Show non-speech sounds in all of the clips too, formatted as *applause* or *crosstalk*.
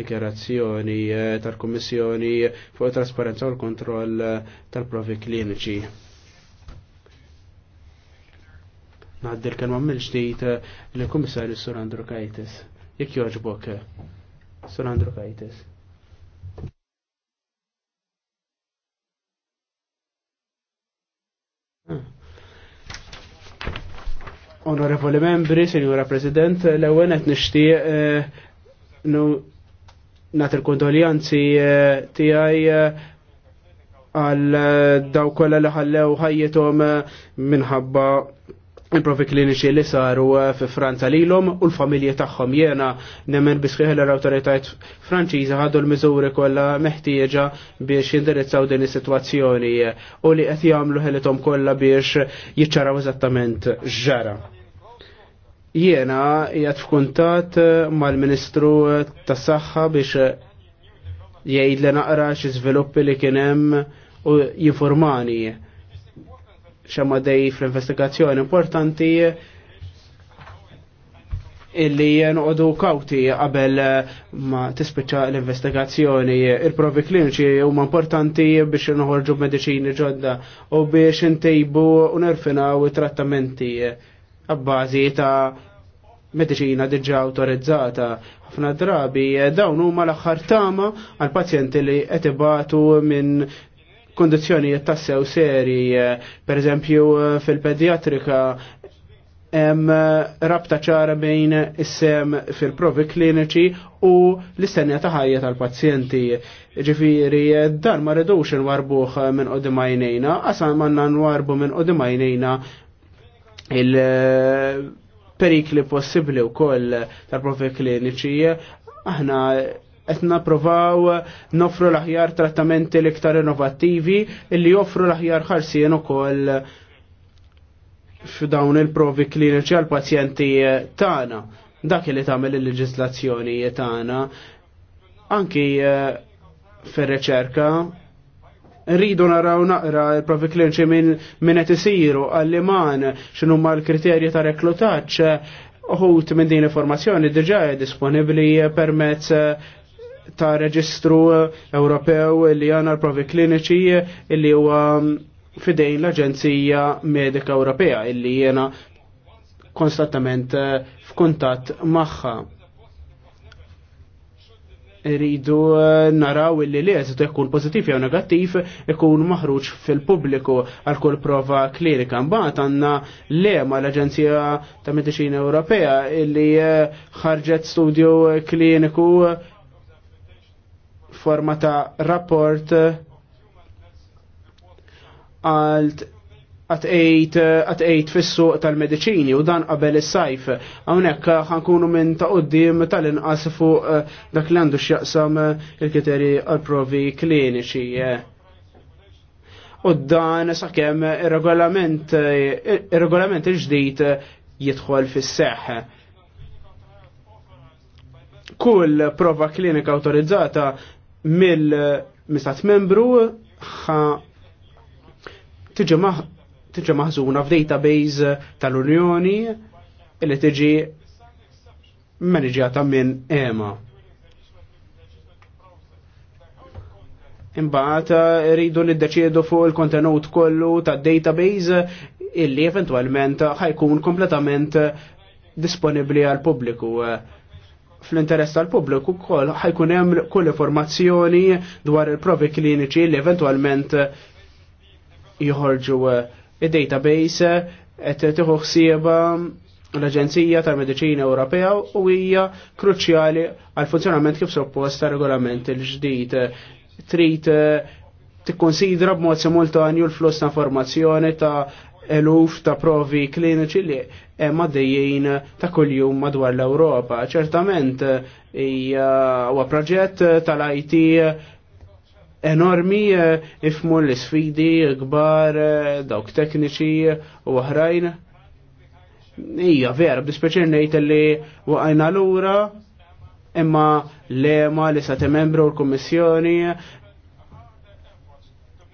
dikjarazzjoni eh, tal-Kummissjoni fuq trasparenza u l-kontroll eh, tal-provi kliniċi. Naħdir kelma mill-ġdijt eh, l-Kummissarju Sur Kajtis. Jek joġbok, Sur Kajtis. Ah. Onorevoli membri, Signora President, l-ewwel qed nixtieq nat il-kondoljanzi eh, tijaj eh, għal eh, daw kolla li ħallew ħajjetom minħabba il-profi kliniċi li saru fi Franza lilhom u l-familji tagħhom jiena nemmen bisħiħ l-awtoritajiet Franċiżi ħadu l-miżuri kollha meħtieġa biex jindirizzaw din is-sitwazzjoni u li qed jagħmlu ħelithom kollha biex jiċċaraw eżattament ġara. Jiena jgħat f'kuntat eh, mal-Ministru tas-Saħħa biex eh, jgħid li naqra xi żviluppi li kien hemm u jinformani xemma dej fl-investigazzjoni importanti illi noqogħdu kawti qabel eh, ma tispiċċa l-investigazzjoni. Il-provi kliniċi huma importanti biex noħorġu mediċini ġodda u biex intejbu u nerfinaw it-trattamenti għabbażi ta' medicina diġa autorizzata. ħafna drabi eh, dawn huma l-aħħar tama għal pazjenti li qed ibatu minn kondizzjonijiet tassew seri, eh, per eżempju eh, fil-pedjatrika hemm rabta ċara bejn is-sem fil-provi kliniċi u l-istennija ta' ħajja tal-pazjenti. Ġifieri dan ma rridux inwarbuh minn qudiem għajnejna, qasam għandna nwarbu minn qudiem għajnejna il-perikli possibli u koll tal-profi kliniċi, aħna qed provaw nofru l-aħjar trattamenti l-iktar innovattivi illi joffru l-aħjar ħarsien ukoll f'dawn il-provi kliniċi għal pazjenti tagħna. Dak li tagħmel il-leġislazzjoni tagħna anki eh, fir-reċerka rridu naraw naqra l profi klinċi minn qed isiru għall-iman ma l-kriterji ta' reklutaġġ uħut minn din informazzjoni diġà disponibbli permezz ta' reġistru Ewropew li għana l-provi kliniċi li huwa fidejn l-Aġenzija Medika Ewropea illi jena konstantament f'kuntatt magħha rridu eh, naraw illi li għazet ikun pozitif jew negattiv ikun maħruġ fil-pubbliku għal kull prova klerika. Mbagħad għandna lema l-Aġenzija ta' Medicina Ewropea illi eh, ħarġet studju kliniku forma ta' rapport eh, għalt għat fis-suq tal-medicini u dan qabel is-sajf. Hawnhekk ħankunu minn ta' qudiem tal-inqas fuq eh, dak li għandu x'jaqsam eh, il-kriteri għal-provi kliniċi. U dan sakemm ir-regolament eh, il-ġdid jidħol fis-seħħ. Kull prova klinika autorizzata mill-mistat membru ħa tiġi tiġi maħżuna f'database tal-Unjoni li tiġi maniġjata minn EMA. Imbagħad eh, rridu niddeċiedu fuq il-kontenut kollu tad-database illi eventwalment ħajkun kompletament disponibbli għal pubbliku. Fl-interess tal pubbliku wkoll ħajkun hemm kull informazzjoni dwar il-provi kliniċi li eventwalment joħorġu eh, il database qed tieħu ħsieba l-Aġenzija tal-Mediċina Ewropea u hija kruċjali għal funzjonament kif suppost ta' regolament il-ġdid. Trid eh, tikkonsidra b'mod simultanju l-fluss ta' informazzjoni ta' eluf ta' provi kliniċi li hemm għaddejjin ta' kuljum madwar l-Ewropa. Ċertament eh, hija huwa proġett tal-IT enormi eh, ifmu l-sfidi kbar eh, dawk tekniċi u oħrajn. Ija, vera, b'dispeċir nejt li waqajna l-ura, imma l-ema li sa' membru l-Kommissjoni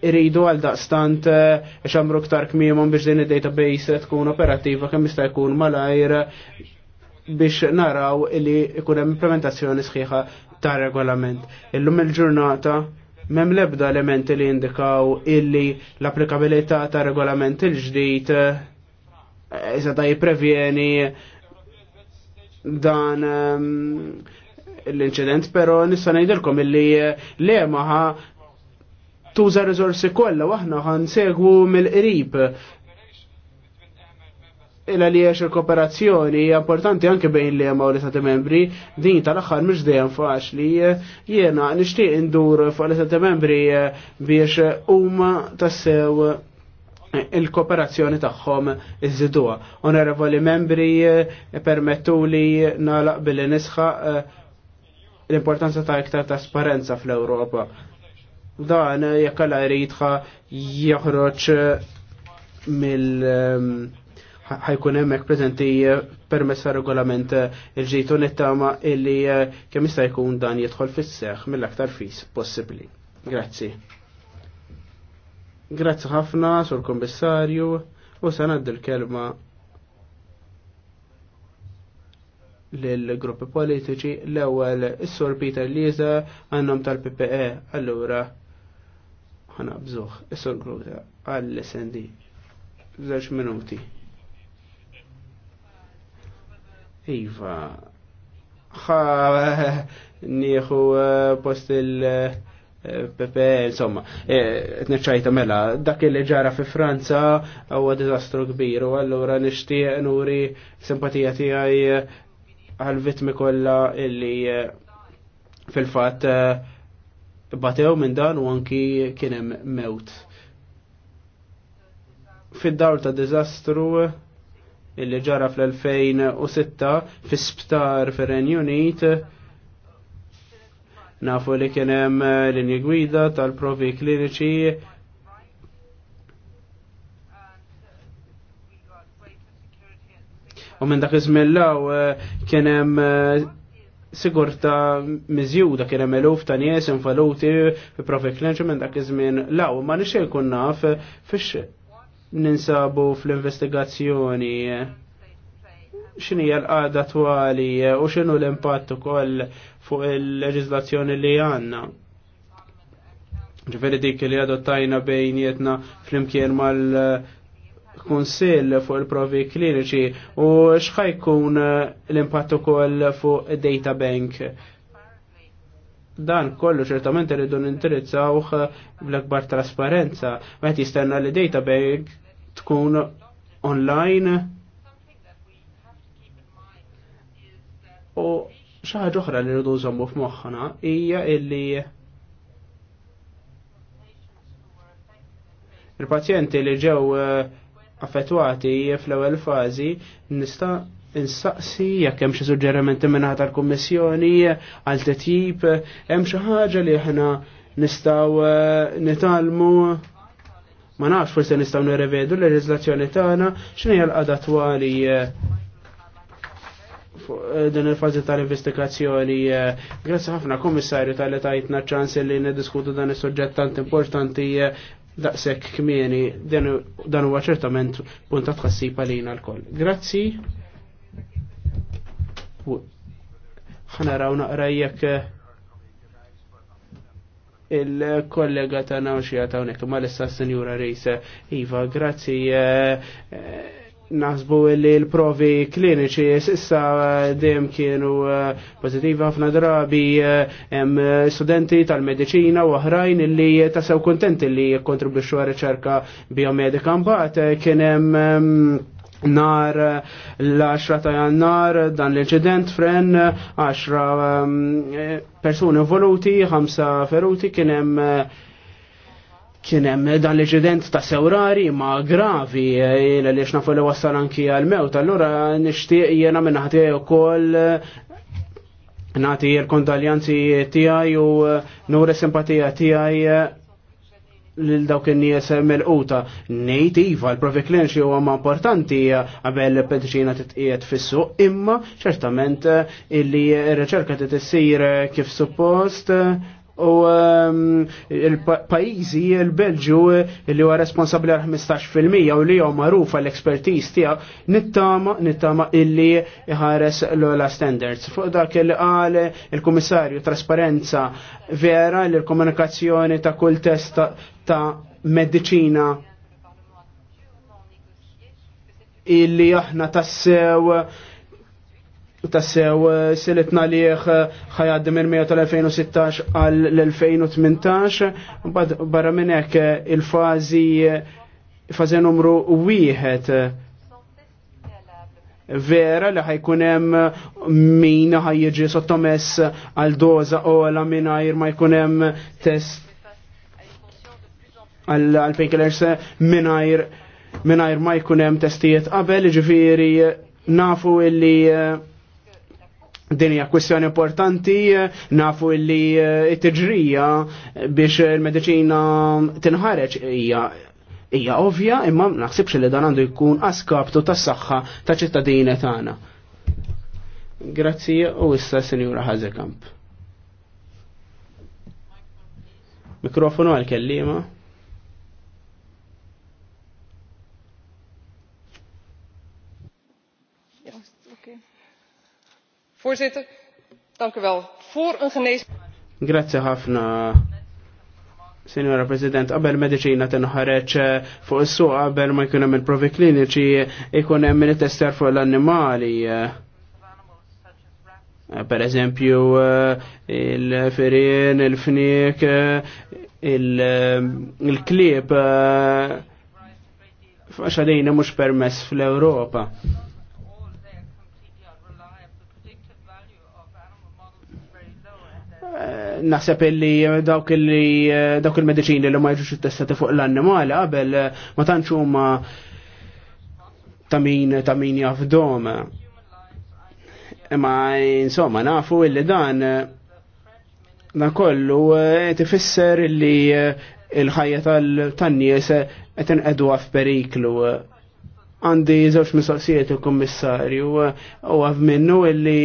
iridu għal daqstant xamru eh, ktar kmiemon biex din il-database tkun operativa kemm jista' jkun malajr biex naraw li jkun hemm implementazzjoni sħiħa ta' regolament. Illum il-ġurnata Mem lebda elementi li indikaw illi l-applikabilità ta' regolament il-ġdijt jisa eh, ta' jiprevjeni dan ehm, l-inċident, pero nissa najdilkom illi eh, le maħa tuża rizorsi kollha waħna għan segwu mill-qrib illa li għax il-kooperazzjoni importanti anke bejn li għamaw li sati membri, din tal-axħar mux dejjem faċli, jena nishtiq indur fuq li sati membri eh, biex huma tassew eh, il-kooperazzjoni tagħhom iżidua. Onorevoli membri eh, permettu li nalaq billi nisħa l-importanza ta' iktar trasparenza fl-Ewropa. Dan jekk alla jridħa joħroġ mill- ehm, ħajkun hemmhekk preżenti eh, permess regolament eh, il-ġejtu nittama illi eh, kemm jista' jkun dan jidħol fis-seħħ mill-aktar fis possibbli. Grazzi. Grazzi ħafna sur kommissarju u se ngħaddi l-kelma lill-gruppi politiċi l-ewwel is-sur Peter Liza għandhom tal-PPE allura ħana bżuħ is-sur Gruta għall-SND. żewġ minuti. Iva, ħa *laughs* nieħu eh, post il- eh, Pepe, insomma, t-neċajta eh, mela, dak li ġara fi Franza huwa dizastru kbir u allura nixtieq nuri simpatija tiegħi għal-vitmi kollha illi fil-fatt batew minn dan u anki kien hemm mewt. Fid-dawl ta' dizastru illi ġara fl-2006 fis-sptar fir-Renju Unit nafu li kien hemm eh, linji gwida tal-provi kliniċi U minn dak iżmillaw eh, kien hemm eh, sigurta miżjuda kien hemm eluf ta' nies infaluti fi provi kliniċi minn dak iż-żmien law ma nixxej kun naf fix ninsabu fl-investigazzjoni xinija l qada twali u x'inhu l-impatt ukoll fuq il-leġiżlazzjoni li għandna. Ġifieri dik li għadottajna bejnietna flimkien mal-Kunsill fuq il-provi kliniċi u x'ħajkun l-impatt ukoll fuq data bank dan kollu ċertament irridu nintirizzawh bl-akbar trasparenza. Ma qed jistenna li data bank tkun online u xi ħaġa oħra li rridu nżommu f'moħħna hija illi il-pazjenti li ġew eh, affettwati fl-ewwel fażi nista' insaqsi jekk hemm xi suġġerimenti minn tal-Kummissjoni għal titjib hemm xi ħaġa li aħna nistgħu eh, nitalmu ma nafx forse nistgħu nirrevedu l-leġiżlazzjoni tagħna x'inhi l-qada twali eh, eh, din il-fazi tal-investigazzjoni. Grazzi ħafna kummissarju tal-li tajtna ċans li niddiskutu dan is-suġġett tant importanti daqshekk kmieni dan huwa ċertament punta tħassib għalina l-koll. Grazzi. Ħana raw naqra jekk eh, il-kollega ta' nawxija ta' unek, ma l-issa senjura Rejse. Iva, grazzi, eh, eh, nasbu li l-provi kliniċi s'issa dem kienu pozitiva ħafna drabi hemm studenti tal-medicina u oħrajn li tasaw kontenti li kontribuxxu għal riċerka biomedika mbagħad kien hemm nar l-10 ta' jannar dan l-inċident fren 10 um, persuni voluti, 5 feruti kienem kienem dan l-inċident ta' sewrari ma gravi jena li xnafu li wassal anki għal-mewt. Allora nishtiq jena minnaħti u koll nati l-kondaljanzi tijaj u uh, nure simpatija tijaj lil dawk in-nies melquta. Ngħid iva l-Proviklin xi huwa importanti qabel pediċina titqiegħed fis-suq, imma ċertament eh, illi r-riċerka titissir eh, kif suppost u ehm, il-pajizi, il-Belġu, li huwa responsabli għal 15% u li huwa magħruf għall ekspertiz tiegħu nittama nittama illi iħares l-ola standards. Fuq dak li qal il-Kummissarju trasparenza vera li l-komunikazzjoni ta' kull test ta' medicina illi aħna tassew u tassew eh, silitna liħ eh, ħajad minn tal-2016 għal l-2018 barra minn hekk eh, il-fazi fazi numru wieħed vera li ħajkun hemm min ħajjiġi sottomess għal doza u ola mingħajr ma jkun hemm test għal painkillers mingħajr mingħajr ma jkun hemm testijiet qabel ġifiri nafu illi din hija kwestjoni importanti nafu li eh, t-tiġrija biex il-mediċina tinħareġ hija hija ovvja imma naħsibx li dan għandu jkun askaptu tas-saħħa ta' ċittadini tagħna. Grazzi u issa Sinjura Ħażekamp. Mikrofonu għal-kellima. Voorzitter, dank u wel. Voor een genees... Grazie Hafna. Signora President, qabel medicina tinħareċ eh, fuq is-suq qabel ma jkun hemm il-provi kliniċi jkun hemm il-tester fuq l-annimali. Eh. Per eżempju, eh, il-firien, il-fnik, il-klib, faċadina mux permess fl-Europa. Eh, naħseb illi eh, dawk illi eh, dawk il-mediċini li ma jiġux testati fuq l-annimali qabel ma tantx huma ta' min ta' min jafdom. Imma insomma nafu illi dan dan kollu tifisser illi il-ħajja tal-tannies qed inqedwa f'periklu. Għandi żewġ mistoqsijiet il-Kummissarju u għav minnu illi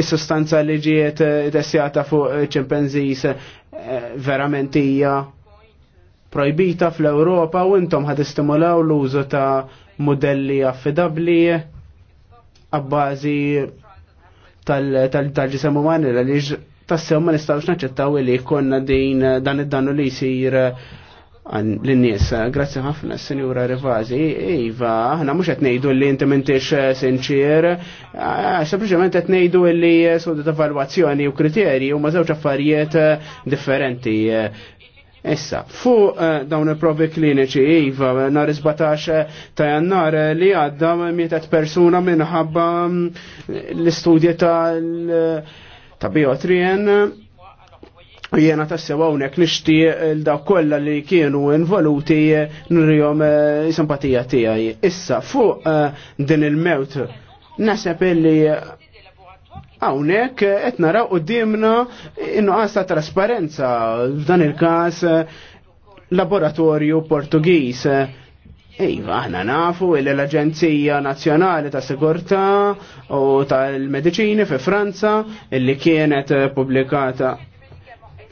is-sustanza li ġiet eh, tessjata fuq eh, ċimpenzis eh, verament hija projbita fl-Ewropa u intom ħad istimulaw l-użu ta' modelli affidabli għabbażi tal-ġisem umani li tassew ma nistawx naċċettaw li jkollna din dan id-dannu li jsir l-nies. Grazzi ħafna, Senjura Rivazi. Iva, ħna mux għet nejdu li inti mintix eh, sinċir, sempliciment għet nejdu li eh, sodu ta' valwazzjoni u kriterji u mażewċ affarijiet eh, differenti. Issa, Fu dawn il-provi kliniċi, Iva, nar 17 ta' jannar li għadda mietet persuna minħabba mm, l-istudja ta' ta' biotrien Jena tassew hawnhekk nixtieq l dawk kollha li kienu involuti nirjom eh, simpatija tiegħi. Issa fuq eh, din il-mewt naseb illi eh, Hawnhekk qed naraw dimna innu ta' trasparenza f'dan il-każ laboratorju Portugiż. Iva, aħna nafu li l-Aġenzija Nazzjonali ta' Sigurtà u tal-Mediċini fi Franza illi kienet pubblikata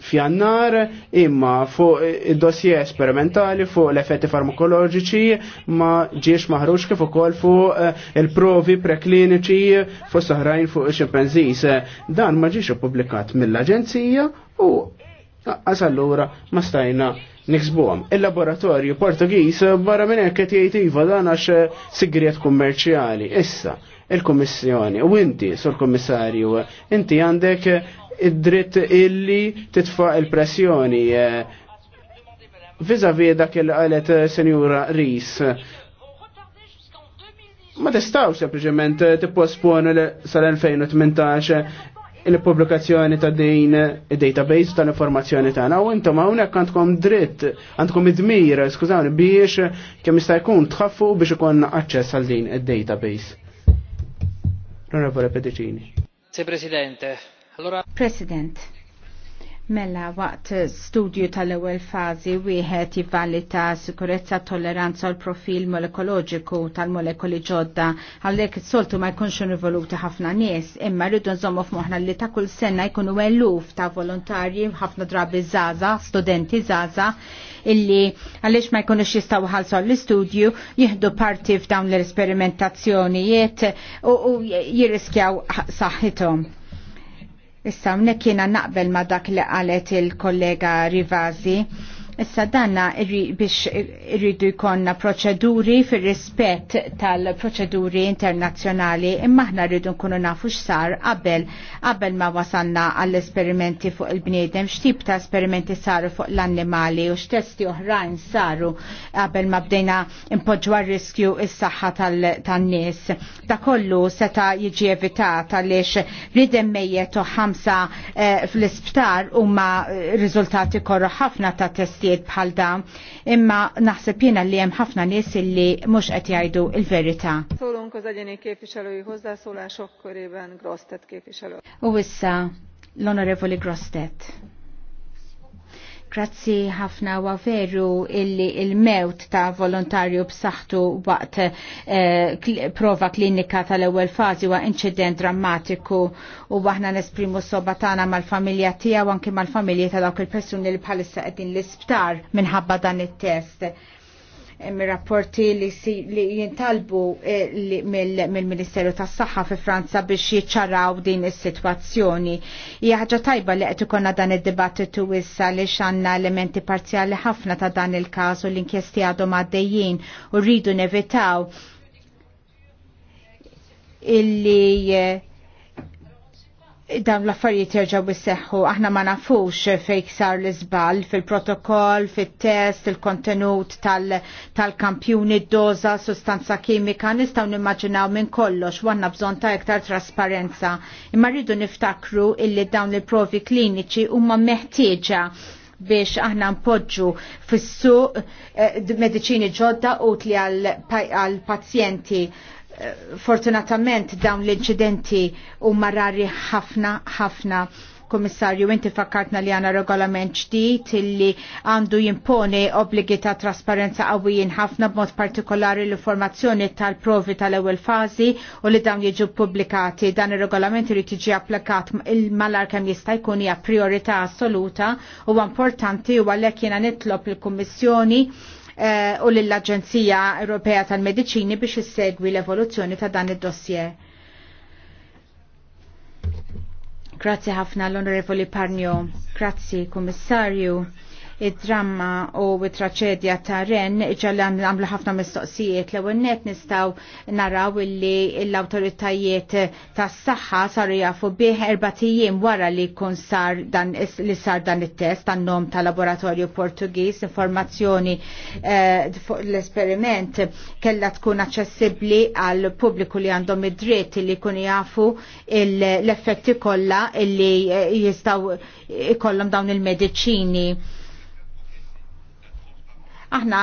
fjannar imma fuq id-dossier esperimentali fuq l-effetti farmakoloġiċi ma ġiex maħruġ kif ukoll fuq eh, il-provi prekliniċi fuq soħrajn fuq il-ximpanzis. Dan ma ġiex publikat mill-Aġenzija u għas allura ma stajna niksbuħam. Il-laboratorju Portugiż barra minn hekk qed jgħid iva dan għax eh, sigriet kummerċiali. Issa, il-Kommissjoni u inti, sur Kommissarju, inti għandek eh, id-dritt illi titfa' il-pressjoni. Eh, Viza vi dak il-qalet eh, Senjura Ris. Ma tistawx sempliċement eh, tipposponu sal-2018 il-publikazzjoni ta' din il-database tal-informazzjoni tagħna u intom hawnhekk għandkom dritt, għandkom id-dmir, skużawni, biex kemm jista' jkun tħaffu biex ikun aċċess għal din id-database. L-Onorevole Pedicini. Se Presidente. Allora... President, Mela waqt studju tal-ewwel fażi wieħed jivvalita sikurezza tolleranza l profil molekoloġiku tal-molekoli ġodda għalhekk is-soltu ma jkunx involuti ħafna nies, imma rridu nżommu f'moħħna li ta' kull sena jkunu eluf ta' volontarji ħafna drabi żaza, studenti żaza illi għaliex ma jkunux jistgħu ħalsu l-istudju jieħdu parti f'dawn l-esperimentazzjonijiet u jiriskjaw saħħithom Issa, unnek jena naqbel ma dak li qalet il-kollega Rivazi Issa danna biex irridu jkonna proċeduri fir rispett tal-proċeduri internazzjonali imma aħna rridu nkunu nafu x'sar qabel qabel ma wasanna għall-esperimenti fuq il-bniedem x'tip ta' esperimenti saru fuq l-annimali u x'testi oħrajn saru qabel ma bdejna impoġġu riskju s saħħa tan-nies. Ta' kollu seta' jiġi evitat għaliex ridem mejjet u ħamsa eh, fl-isptar huma eh, rizultati korru ħafna ta' testi ħsieb bħal da imma naħseb jiena li hemm ħafna nies illi mhux qed jgħidu l-verità. U issa l-Onorevoli Grostet. Grazzi ħafna wa veru illi il-mewt ta' volontarju b'saħħtu waqt eh, prova klinika tal-ewwel fażi wa inċident drammatiku u aħna nesprimu soba tagħna mal-familja tiegħu anke mal-familji ta' dawk il-persuni li bħalissa qegħdin l-isptar minħabba dan it-test rapporti li, si, li jintalbu eh, mill-Ministeru mil tas saħħa fi Franza biex jiċċaraw din is-sitwazzjoni. Hija ħaġa tajba li qed ikonna dan id-dibattitu issa li xanna elementi parzjali ħafna ta' dan il-każ u l-inkjesti għadhom għaddejjin u rridu nevitaw illi eh, dawn l-affarijiet jerġaw isseħħu, aħna ma nafux fejk sar l-izbal fil-protokoll, fil-test, il-kontenut tal-kampjuni, tal doza sustanza kimika, nistaw nimmaġinaw minn kollox, għanna bżon ta' iktar trasparenza. Imma rridu niftakru illi dawn il-provi kliniċi huma meħtieġa biex aħna npoġġu fis eh, mediċini ġodda utli għal-pazjenti fortunatament dawn l-inċidenti u marrari ħafna ħafna Komissarju, inti fakkartna li għana regolament ġdijt illi għandu jimponi obligi ta' trasparenza għawijin ħafna b'mod partikolari l-informazzjoni tal-provi tal-ewel fazi u li dawn jiġu publikati. Dan il-regolament li tiġi applikat il-malar kem jista' jkun hija priorità assoluta u importanti u għalek jiena nitlop il-Kummissjoni Eh, u lill-Aġenzija Ewropea tal-Mediċini biex issegwi l-evoluzzjoni ta' dan id-dossier. Grazie ħafna l-Onorevoli Parnio, grazie Kummissarju id-dramma u it-traċedja ta' Ren ġallan għamlu ħafna mistoqsijiet l net nistaw naraw illi l-autoritajiet ta' s-saxħa saru jafu bih erbatijiem wara li kun sar dan, li sar dan il-test għannom ta' laboratorju Portugis informazzjoni eh, fuq l-esperiment kella tkun aċċessibbli għal pubbliku li għandhom id-dritt li kun jafu l-effetti kollha illi eh, jistaw ikollhom dawn il-mediċini Aħna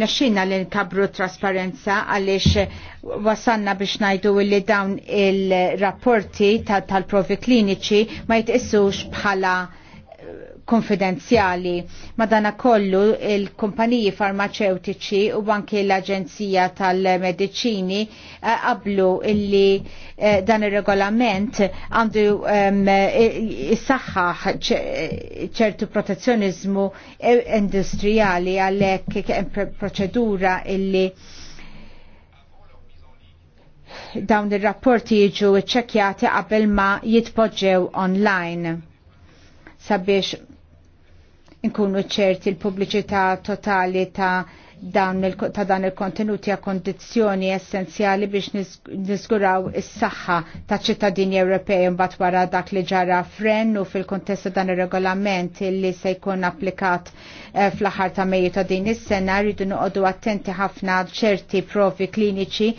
nexxina li nkabru trasparenza għaliex wasanna biex najdu li dawn il-rapporti tal-provi kliniċi ma jitqissux bħala konfidenzjali. Madana kollu il-kumpaniji farmaceutiċi u anke l-Aġenzija tal medicini eh, qablu illi eh, dan ir-regolament għandu eh, s-saxħaħ ċertu protezzjonizmu e, industrijali għalhekk proċedura illi dawn ir-rapporti jiġu ċċekkjati qabel ma jitpoġġew online sabiex nkunu ċerti l-pubbliċità totali ta' dan ta' dan il-kontenuti għal kondizzjoni essenzjali biex nizguraw is-saħħa ta' ċittadini Ewropej mbagħad wara dak li ġara fren u fil-kontest dan ir-regolament li se jkun applikat eh, fl-aħħar ta' Mejju ta' din is-sena rridu noqogħdu attenti ħafna ċerti provi kliniċi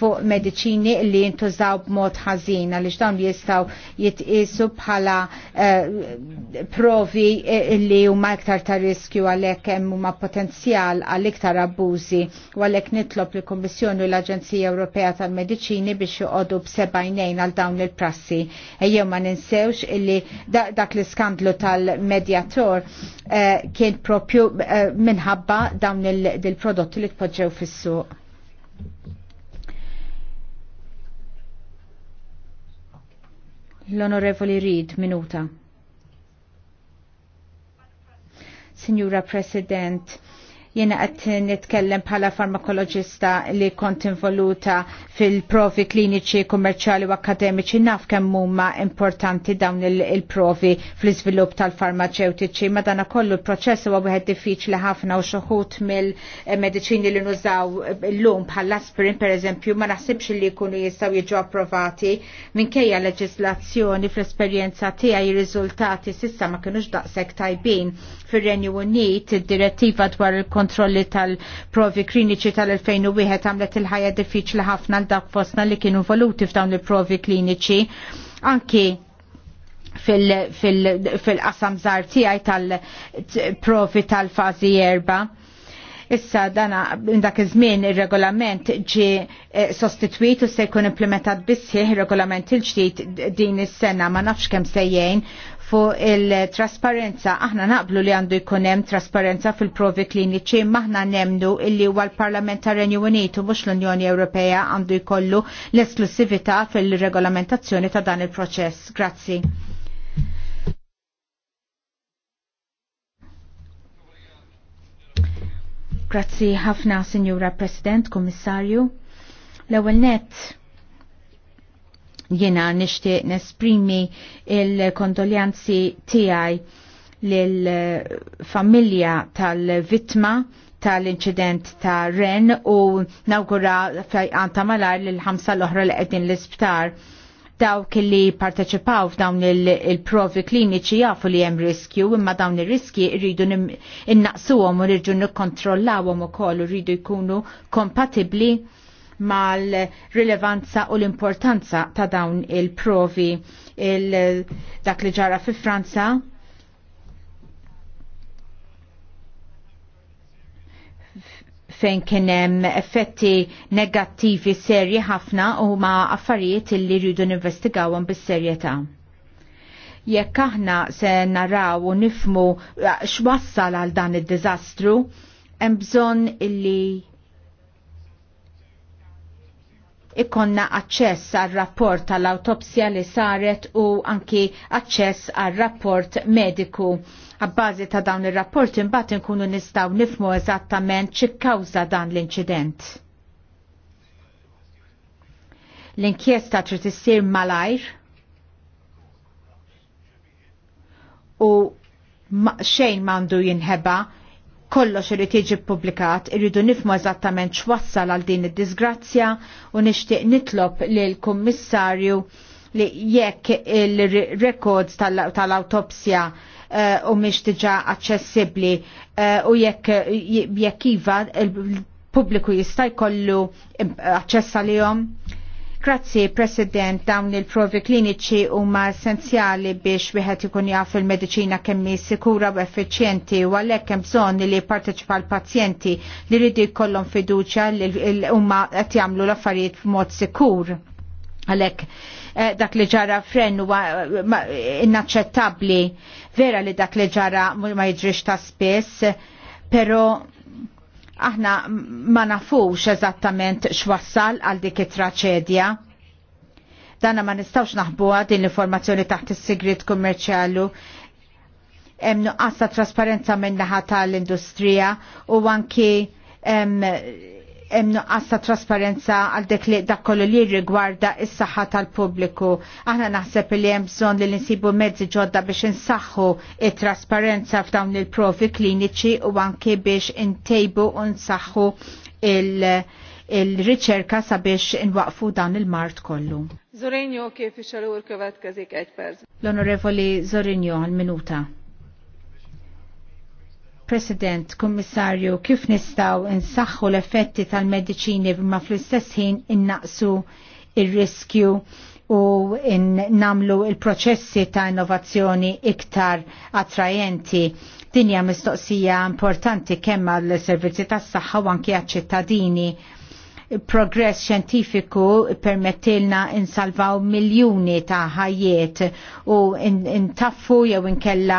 fuq mediċini li jintużaw b'mod ħażin għaliex dawn jistgħu jitqisu bħala eh, provi eh, li huma iktar ta' riskju għalhekk hemm huma potenzjal għal iktar abbużi u għalhekk nitlob li kummissjoni u l-Aġenzija Ewropea tal-Mediċini biex joqogħdu b'sebajnejn għal dawn il-prassi. Ejjew ma ninsewx illi dak l-iskandlu tal-medjator eh, kien propju minħabba dawn il-prodotti li tpoġġew fis-suq. L-Onorevoli Reid, minuta. Signora President, Jena qed nitkellem bħala farmakoloġista li kont involuta fil-provi kliniċi, kummerċali u akademiċi naf kemm huma importanti dawn il-provi fl-iżvilupp tal-farmaceutiċi. Madana kollu l-proċess huwa wieħed diffiċli ħafna u xoħut mill-mediċini li nużaw l-lum bħall-aspirin pereżempju ma naħsibx li jkunu jistgħu jiġu approvati minkejja leġislazzjoni fl-esperjenza tiegħi riżultati sissa ma kinux daqshekk tajbin fir-Renju Unit id-direttiva dwar il kontrolli tal-provi kliniċi tal-2001 għamlet il-ħajja diffiċli ħafna l dak fosna li kienu voluti f'dawn il-provi kliniċi. Anki fil-qasam żgħar tiegħi tal-provi tal-fażi erba'. Issa dana dak iż-żmien ir-regolament ġi eh, sostitwit u se jkun implementat ir regolament il-ġdid din is-sena ma nafx kemm sejjejn fuq il-trasparenza. Aħna naqblu li għandu jkun hemm trasparenza fil-provi kliniċi, maħna nemnu illi huwa l-Parlament tar Renju Unitu mhux l-Unjoni Ewropea għandu jkollu l-esklusività fil-regolamentazzjoni ta' dan il-proċess. Grazzi. Grazzi ħafna, Signora President, Kommissarju. L-ewwel nett Jena nishti nesprimi il-kondoljanzi tiegħi lill-familja eh, tal-vittma tal-inċident ta' Ren u nawgura għanta malar l-ħamsa l-oħra li qegħdin l-isptar dawk li parteċipaw f'dawn il-provi kliniċi jafu li hemm riskju, imma dawn ir-riski rridu innaqsuhom u rridu nikkontrollawhom ukoll u rridu jkunu kompatibbli mal-rilevanza u l-importanza ta' dawn il-provi il dak li ġara fi Franza. fejn kien hemm effetti negattivi serji ħafna u ma affarijiet illi rridu investigawhom bis-serjetà. Jekk aħna se naraw u nifmu x'wassal għal dan id-diżastru, hemm bżonn illi ikonna aċċess għal rapport għall autopsja li saret u anki aċċess għal rapport mediku. Għabbażi ta' dawn il-rapport imbat nkunu nistaw nifmu eżattament ċikkawza dan l-inċident. L-inkjesta trid issir malajr u xejn mandu jinħeba kollox irid jiġi ppubblikat, irridu nifmu eżattament x'wassal għal din id-disgrazzja u nixtieq nitlob lil kummissarju li jekk il-records tal-autopsja eh, u mhix diġà aċċessibbli eh, u jekk jekk iva il-pubbliku jista' jkollu eh, aċċess għalihom. Grazzi, President, dawn il-provi kliniċi huma essenzjali biex wieħed ikun jaf il-mediċina kemm sikura u effiċjenti u għalhekk hemm bżonn li jipparteċipa l-pazjenti li jridu jkollhom fiduċja li huma qed jagħmlu l-affarijiet b'mod sikur. Għalhekk eh, dak li ġara fren huwa eh, inaċċettabbli vera li dak li ġara ma jiġrix ta' spess, però aħna ma nafux eżattament x'wassal għal dik it-traċedja. Danna ma nistawx naħbuha din l-informazzjoni taħt is-sigrit kummerċjalu hemm nuqqas ta' trasparenza min-naħa tal-industrija u anki hemm nuqqas ta' trasparenza għal dak li dak kollu li rigwarda is-saħħa tal-pubbliku. Aħna naħseb li hemm bżonn li nsibu mezzi ġodda biex insaħħu it-trasparenza f'dawn il-provi kliniċi u anke biex intejbu u nsaħħu il-riċerka sabiex inwaqfu dan il-mart kollu. Zorinjo kif ixxalu l-következik 1 perz. L-Onorevoli Zorinjo għal-minuta. President, Kummissarju, kif nistaw insaxħu l-effetti tal-medicini ma fl-istess ħin innaqsu il-riskju u in namlu il-proċessi ta' innovazzjoni iktar attrajenti. Dinja mistoqsija importanti kemm għall-servizzi tas-saħħa u anke għaċ-ċittadini progress xjentifiku permettilna insalvaw miljuni ta' ħajiet u intaffu jew inkella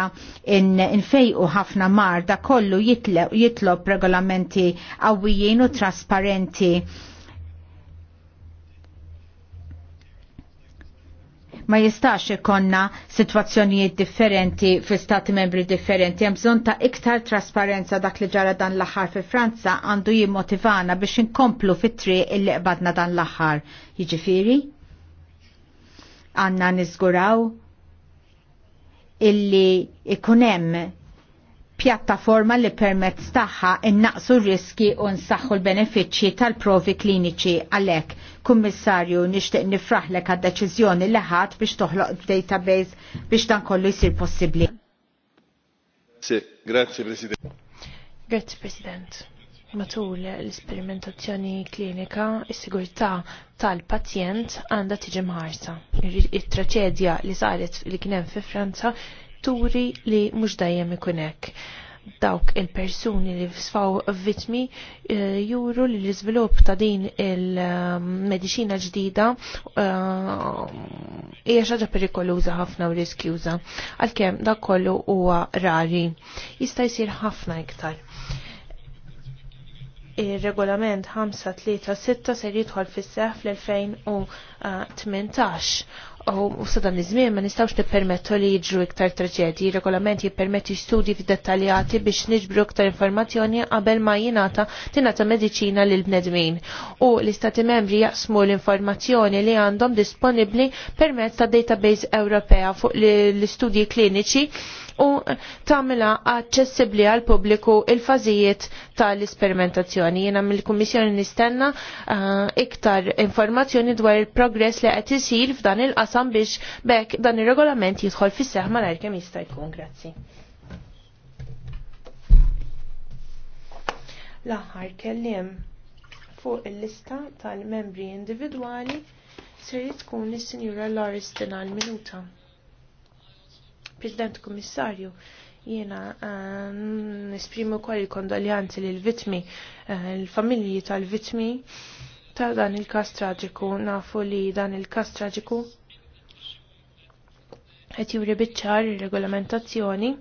infejqu ħafna marda kollu jitlob regolamenti qawwijin u trasparenti ma jistax ikonna situazzjonijiet differenti fi stati membri differenti. Hemm bżonn ta' iktar trasparenza dak li ġara dan l-aħħar fi Franza għandu jimmotivana biex inkomplu fit-triq illi qbadna dan l-aħħar. Jiġifieri? Għanna nizguraw illi ikunem pjattaforma li permezz tagħha innaqsu riski u nsaħħu l-benefiċċji tal-provi kliniċi għalhekk. Kummissarju, nixtieq nifraħlek għad-deċiżjoni li ħadd biex toħloq database biex dan kollu jsir possibbli. Grazie, President. Grazie, President. Matul l-esperimentazzjoni klinika, is-sigurtà tal-pazjent għandha tiġi mħarsa. Il-traċedja li saret li kien hemm fi Franza turi li mhux dejjem ikun hekk dawk il-persuni li sfaw vitmi eh, juru li l-izvilup ta' din il-medicina ġdida eh, hija xaġa perikoluża ħafna u riskjuża. Għalkemm dak kollu huwa rari. Jista' jsir ħafna iktar. Ir-regolament 536 ser jidħol fis-seħ fl-2018 U sadan iż-żmien ma nistgħux nippermettu li jiġru iktar traġedji. Regolament jippermetti studji dettaljati biex niġbru iktar informazzjoni qabel ma jingħata tinata mediċina lil bnedmin. U l-Istati membri jaqsmu l-informazzjoni li għandhom disponibbli permezz database Ewropea fuq l-istudji kliniċi u tamela aċċessibbli għal pubbliku il-fażijiet tal-isperimentazzjoni. Jiena mill-Kummissjoni nistenna eh, iktar informazzjoni dwar il-progress li qed isir f'dan il-qasam biex bekk dan ir-regolament jidħol fis-seħħ mal kemm jista' jkun. Grazzi. L-aħħar kelliem fuq il-lista tal-membri individwali ser tkun is-Sinjura Lauristin għal-minuta. President Kommissarju Jiena eh, nesprimu kol kondoljanzi li l-vitmi, eh, l-familji tal-vitmi ta' dan il-kas traġiku, nafu li dan il-kas traġiku qed juri biċċar ir-regolamentazzjoni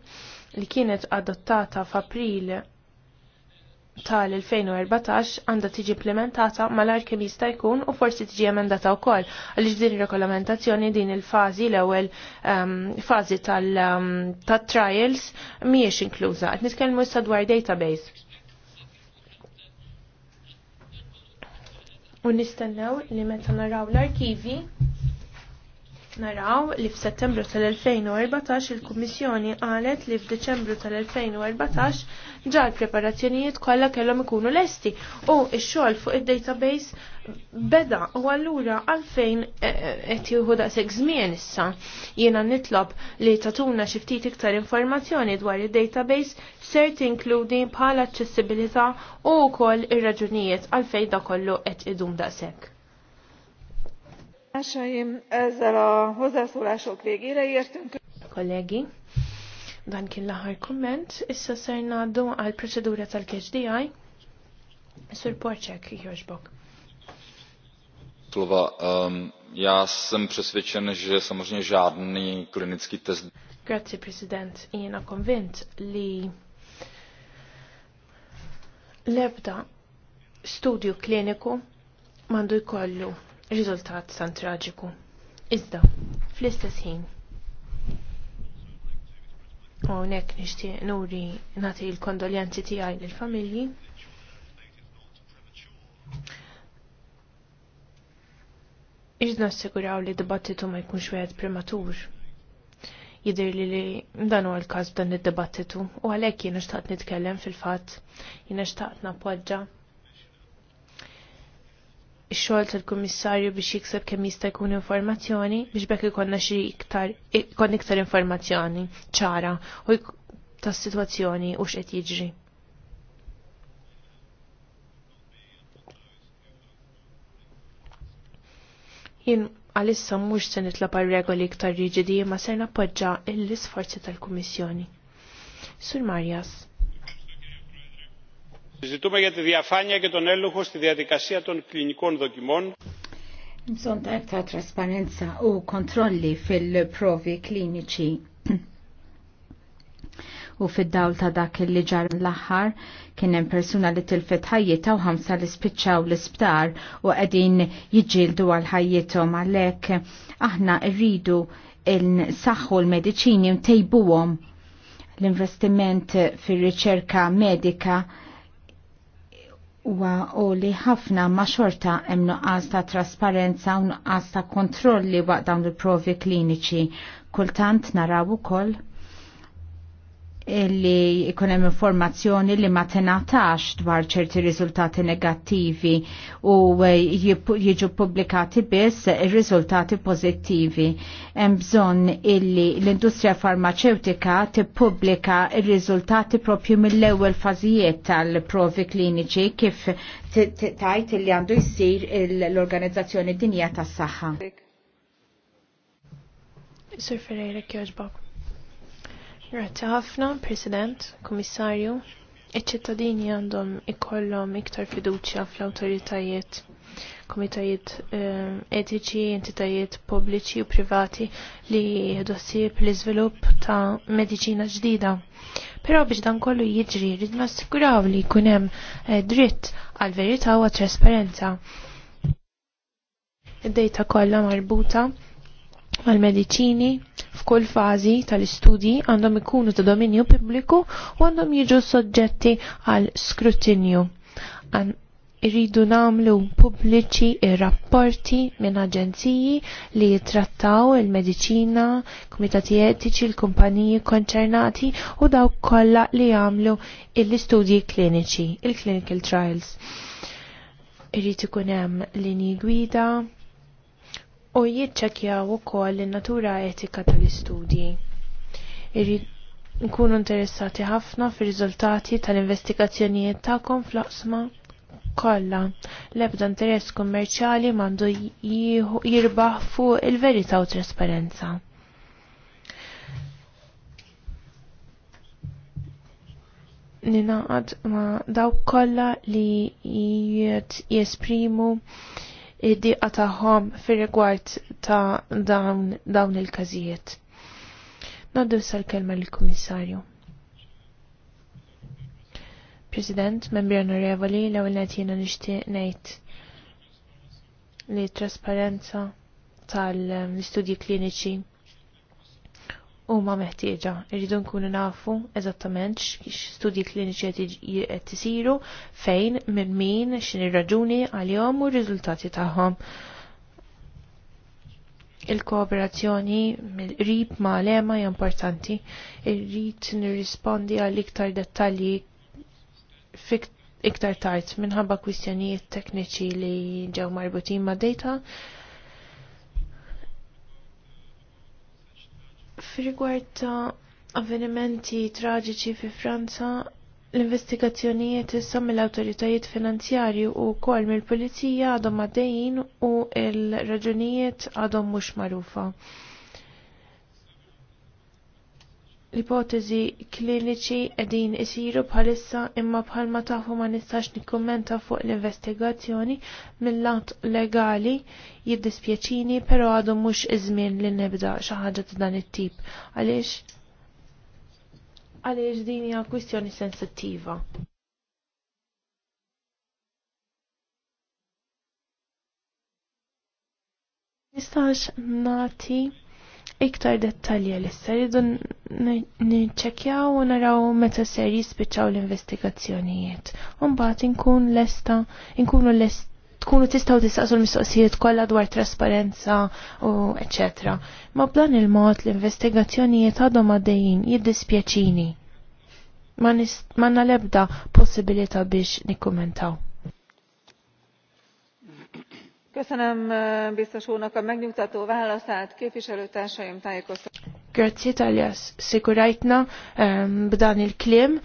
li kienet adottata f'April tal-2014 għandha tiġi implementata mal għar kemm jista' jkun u forsi tiġi emendata wkoll għaliex din ir-regolamentazzjoni din il-fażi l-ewwel um, fażi tal-trials ehm, um, mhijiex inkluża. Qed nitkellmu sadwar dwar database. U nistennew li meta naraw l-arkivi Naraw li f'Settembru tal-2014 il-Kummissjoni qalet li f'Deċembru tal-2014 ġa l-preparazzjonijiet kollha kellhom ikunu lesti u x-xogħol fuq id-database beda u allura għalfejn eh, eh, qed jieħu daqshekk żmien issa. Jiena nitlob li tatuna xi ftit iktar informazzjoni dwar id-database ser tinkludi bħala aċċessibilità u wkoll ir-raġunijiet għalfejn da kollu qed idum daqshekk. Kollegi, dan kien l-aħħar komment, issa ser ngħaddu għal proċedura tal-KHDI. Sur Porċek jogħġbok. Slova, um, ehm, já jsem přesvědčen, že samozřejmě žádný klinický test. Grazie, President. Jena konvint li lebda studju kliniku mandu jkollu riżultat tan traġiku. Iżda, fl-istess ħin. U nek nixtieq nuri nagħti l-kondoljanzi tiegħi lill-familji. Iġna assiguraw li dibattitu ma jkunx wieħed prematur. Jidir li li dan huwa l-każ dan id-dibattitu u għalhekk jiena xtaqt nitkellem fil-fatt, jiena xtaqt nappoġġa xogħol tal-Kummissarju biex jikseb kemm jista' jkun informazzjoni biex bekk ikonna xi iktar ikon iktar informazzjoni ċara u tas-sitwazzjoni u x'qed jiġri. Jien għalissa mhux se nitla regoli iktar riġidi ma se nappoġġa l-isforzi tal-Kummissjoni. Sur Marjas. Ζητούμε για τη διαφάνεια και τον έλεγχο στη διαδικασία των κλινικών δοκιμών. ta' trasparenza u kontrolli fil-provi kliniċi u fid-dawl ta' dak li ġar l-aħħar kien hemm persuna li tilfet ħajjita u ħamsa li spiċċaw l-isptar u qegħdin jiġġieldu għal ħajjithom għalhekk aħna rridu nsaħħu l-mediċini u tejbuhom l-investiment fir-riċerka medika huwa u li ħafna ma xorta hemm nuqqas ta' trasparenza u nuqqas ta' kontrolli waqt dawn il-provi kliniċi. Kultant naraw ukoll li jkun hemm informazzjoni li ma tenatax dwar ċerti riżultati negattivi u jiġu pubblikati biss riżultati pożittivi. Hemm bżonn illi l-industrija farmaceutika tippubblika r-riżultati propju mill-ewwel fażijiet tal-provi kliniċi kif tajt li għandu jsir l-Organizzazzjoni Dinja tas-Saħħa. Sir Ferreira, kjoġbok. Grazie ħafna, President, Komissarju. Iċ-ċittadini għandhom ikollhom iktar fiduċja fl-awtoritajiet, komitajiet ehm, etiċi, entitajiet pubbliċi u privati li jħedossib l-iżvilupp ta' mediċina ġdida. Però biex dan kollu jiġri, rrid nassiguraw li jkun hemm eh, dritt għal verità u għat trasparenza. Id-dejta kollha marbuta għal-medicini f'kull fażi tal-istudji għandhom ikunu ta' dominju pubbliku u għandhom jiġu soġġetti għal skrutinju. Irridu namlu pubbliċi ir-rapporti minn aġenziji li jittrattaw il-medicina, komitati etiċi, l-kumpaniji konċernati u daw kollha li għamlu l-istudji kliniċi, il-clinical trials. Irrid ikun hemm linji gwida, u jiċċekkjaw ukoll in-natura etika tal-istudji. Irrid nkunu interessati ħafna fir-riżultati tal-investigazzjonijiet tagħkom fl-oqsma kollha. L-ebda interess kummerċjali m'għandu jirbaħ fuq il-verità u trasparenza. Ninaqad ma dawk kollha li jesprimu id-diqa tagħhom fir-rigward ta' dawn, dawn il-każijiet. Noddu sal-kelma lill-Kummissarju. President, membri onorevoli, l-ewwel qed jiena nixtieq ngħid li t trasparenza tal-istudji kliniċi huma meħtieġa. Irridu nkunu nafu eżattament studji kliniċi qed isiru fejn, minn min, x'inhi ir-raġuni għalihom u r-riżultati tagħhom. Il-kooperazzjoni mill-qrib ma' lema hija importanti. Irrid nirrispondi għal iktar dettalji iktar tard minħabba kwistjonijiet tekniċi li ġew marbutin ma' data F'rigward ta' avvenimenti traġiċi fi Franza, l-investigazzjonijiet issa mill-awtoritajiet finanzjarju u wkoll mill-pulizija għadhom għaddejjin u l raġunijiet għadhom mhux magħrufa l-ipotezi kliniċi edin isiru bħalissa imma bħalma tafu ma nistax nikkommenta fuq l-investigazzjoni mill-lat legali jiddispjaċini pero għadu mux izmin li nibda xaħġa ta' dan it-tip. Għaliex? Għaliex din hija kwistjoni sensittiva. Nistax nati iktar dettalji li s-seridu nċekjaw u naraw meta ser jispiċaw l-investigazzjonijiet. Umbat inkun lesta, inkunu l-esta tkunu tistaw tistaqsu l-mistoqsijiet kollha dwar trasparenza u etc. Ma b'dan il-mod l-investigazzjonijiet għadhom għaddejjin jiddispjaċini. Ma nalebda possibilità biex nikkumentaw. Köszönöm biztos a megnyugtató válaszát, képviselőtársaim tájékoztatása. Sikurajtna b'dan il-klim